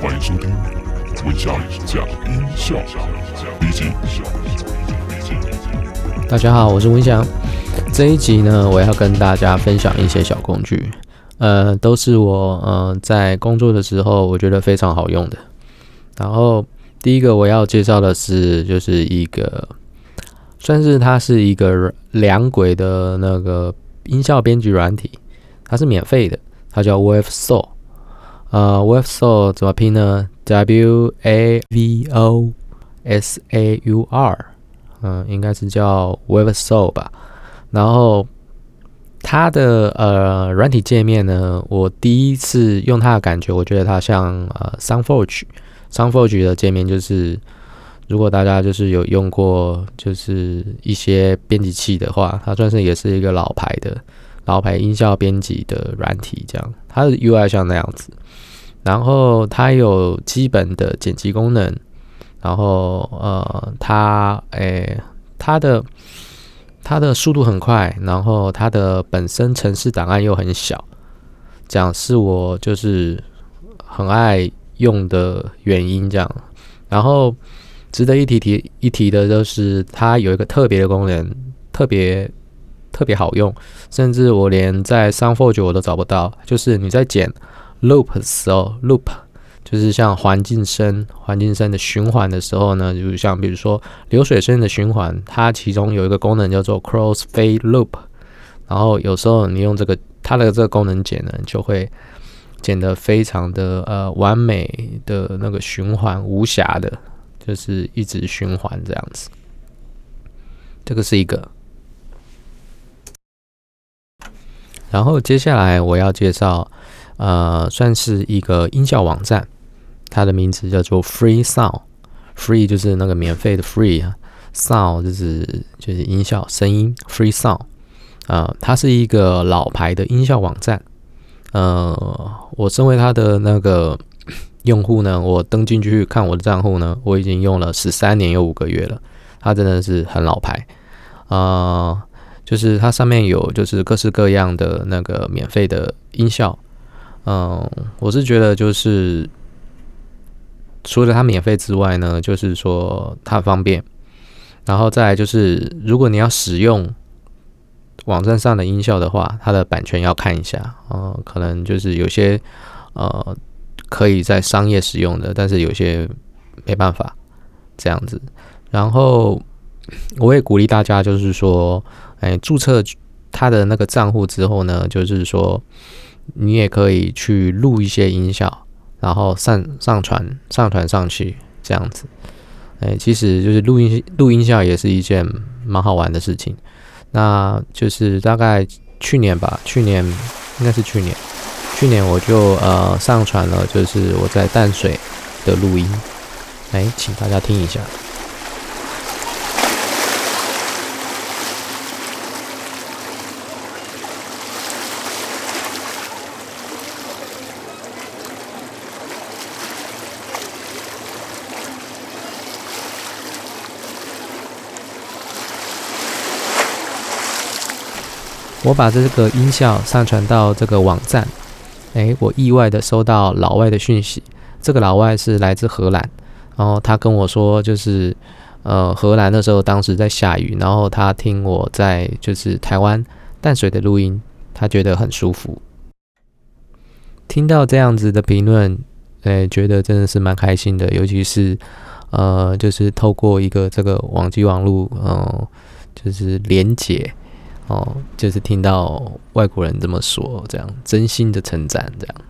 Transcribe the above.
歡迎收聽音效。大家好，我是文祥。這一集呢，我要跟大家分享一些小工具，呃，都是我呃在工作的時候，我覺得非常好用的。然後第一個我要介紹的是，就是一個算是它是一個兩軌的那個音效編輯軟體，它是免費的，它叫 Wavosaur。呃 Wavosaur 怎麼拼呢？W A V O S A U R，嗯、呃，應該是叫 Wavosaur 吧。然後它的呃軟體界面呢，我第一次用它的感覺，我覺得它像呃 SoundForge，SoundForge 的界面就是，如果大家就是有用過就是一些編輯器的話，它算是也是一個老牌的。老牌音效編輯的軟體，這樣它的 UI 像那樣子，然後它有基本的剪輯功能，然後呃，它誒、欸，它的它的速度很快，然後它的本身程式檔案，又很小，這樣是我就是很愛用的原因。這樣，然後值得一提提一提的，就是它有一個特別的功能，特別。特別好用，甚至我連在 Sound Forge 我都找不到。就是你在剪 loop 的時候，loop 就是像環境聲、環境聲的循環的時候呢，就是像比如說流水聲的循環，它其中有一個功能叫做 Crossfade Loop，然後有時候你用這個它的這個功能剪呢，就會剪得非常的呃完美的那個循環，無瑕的，就是一直循環這樣子。這個是一個。然後接下來我要介紹，呃，算是一個音效網站，它的名字叫做 Free Sound，Free 就是那個免費的 Free，Sound 就是就是音效聲音 Free Sound，啊、呃，它是一個老牌的音效網站，呃，我身為它的那個用戶呢，我登進去看我的賬戶呢，我已經用了十三年又五個月了，它真的是很老牌，啊、呃。就是它上面有，就是各式各樣的那個免費的音效，嗯，我是覺得就是除了它免費之外呢，就是說它方便，然後再來就是如果你要使用網站上的音效的話，它的版權要看一下，嗯，可能就是有些呃可以在商業使用的，但是有些沒辦法這樣子。然後我也鼓勵大家，就是說。哎，註冊他的那個賬戶之後呢，就是說你也可以去錄一些音效，然後上上傳上傳上去這樣子。哎，其實就是錄音錄音效也是一件蠻好玩的事情。那就是大概去年吧，去年應該是去年，去年我就呃上傳了，就是我在淡水的錄音，哎，請大家聽一下。我把這個音效上傳到這個網站，哎，我意外地收到老外的訊息，這個老外是來自荷蘭，然後他跟我說，就是，呃，荷蘭的時候當時在下雨，然後他聽我在就是台灣淡水的錄音，他覺得很舒服。聽到這樣子的評論，哎，覺得真的是蠻開心的，尤其是，呃，就是透過一個這個網際網路，嗯、呃，就是連接。哦，就是聽到外國人這麼說，這樣真心的稱讚，這樣。